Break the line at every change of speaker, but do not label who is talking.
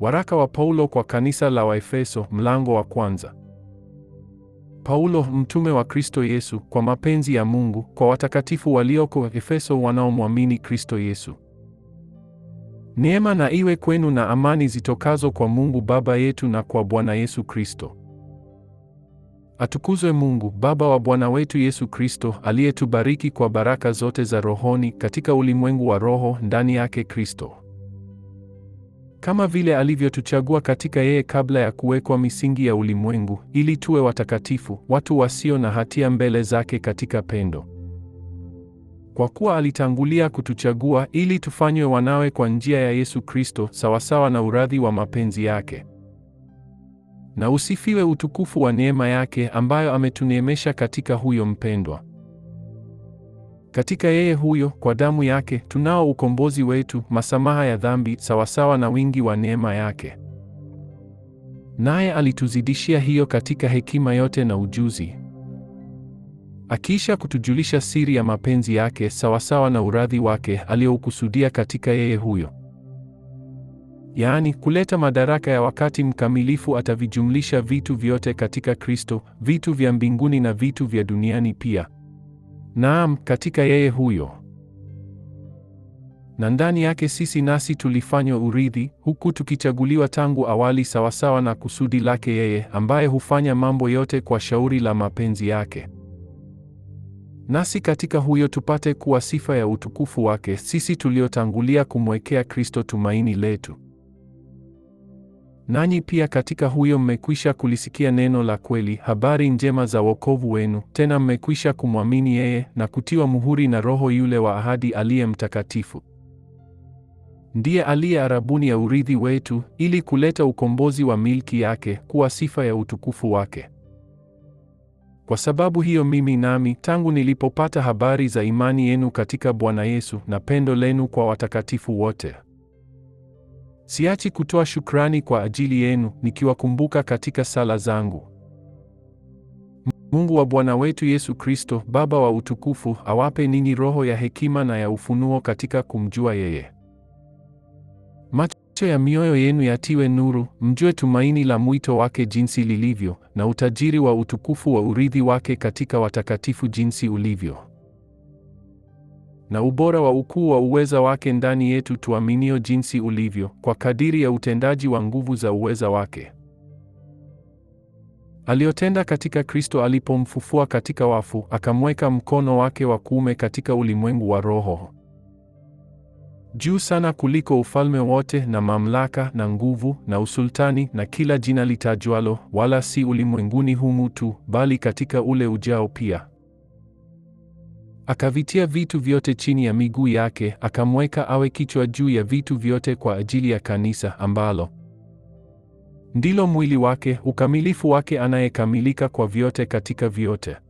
Waraka wa Paulo kwa kanisa la Waefeso, mlango wa kwanza. Paulo mtume wa Kristo Yesu, kwa mapenzi ya Mungu, kwa watakatifu walioko Efeso wanaomwamini Kristo Yesu. Neema na iwe kwenu na amani zitokazo kwa Mungu Baba yetu na kwa Bwana Yesu Kristo. Atukuzwe Mungu Baba wa Bwana wetu Yesu Kristo, aliyetubariki kwa baraka zote za rohoni katika ulimwengu wa roho ndani yake Kristo kama vile alivyotuchagua katika yeye kabla ya kuwekwa misingi ya ulimwengu, ili tuwe watakatifu, watu wasio na hatia mbele zake katika pendo. Kwa kuwa alitangulia kutuchagua ili tufanywe wanawe kwa njia ya Yesu Kristo, sawasawa na uradhi wa mapenzi yake. Na usifiwe utukufu wa neema yake ambayo ametuneemesha katika huyo mpendwa. Katika yeye huyo, kwa damu yake, tunao ukombozi wetu, masamaha ya dhambi, sawasawa na wingi wa neema yake. Naye alituzidishia hiyo katika hekima yote na ujuzi, akiisha kutujulisha siri ya mapenzi yake, sawasawa na uradhi wake aliyoukusudia katika yeye huyo Yaani, kuleta madaraka ya wakati mkamilifu. Atavijumlisha vitu vyote katika Kristo, vitu vya mbinguni na vitu vya duniani pia. Naam, katika yeye huyo na ndani yake sisi nasi tulifanywa urithi, huku tukichaguliwa tangu awali sawasawa na kusudi lake yeye, ambaye hufanya mambo yote kwa shauri la mapenzi yake. Nasi katika huyo tupate kuwa sifa ya utukufu wake, sisi tuliotangulia kumwekea Kristo tumaini letu. Nanyi pia katika huyo mmekwisha kulisikia neno la kweli, habari njema za wokovu wenu; tena mmekwisha kumwamini yeye na kutiwa muhuri na Roho yule wa ahadi aliye Mtakatifu. Ndiye aliye arabuni ya urithi wetu, ili kuleta ukombozi wa milki yake, kuwa sifa ya utukufu wake. Kwa sababu hiyo mimi nami, tangu nilipopata habari za imani yenu katika Bwana Yesu na pendo lenu kwa watakatifu wote Siachi kutoa shukrani kwa ajili yenu, nikiwakumbuka katika sala zangu. Mungu wa Bwana wetu Yesu Kristo, Baba wa utukufu, awape ninyi roho ya hekima na ya ufunuo katika kumjua yeye. Macho ya mioyo yenu yatiwe nuru, mjue tumaini la mwito wake jinsi lilivyo, na utajiri wa utukufu wa urithi wake katika watakatifu jinsi ulivyo na ubora wa ukuu wa uweza wake ndani yetu tuaminio jinsi ulivyo, kwa kadiri ya utendaji wa nguvu za uweza wake aliyotenda katika Kristo alipomfufua katika wafu, akamweka mkono wake wa kuume katika ulimwengu wa roho, juu sana kuliko ufalme wote na mamlaka na nguvu na usultani na kila jina litajwalo, wala si ulimwenguni humu tu, bali katika ule ujao pia. Akavitia vitu vyote chini ya miguu yake, akamweka awe kichwa juu ya vitu vyote kwa ajili ya kanisa ambalo ndilo mwili wake, ukamilifu wake, anayekamilika kwa vyote katika vyote.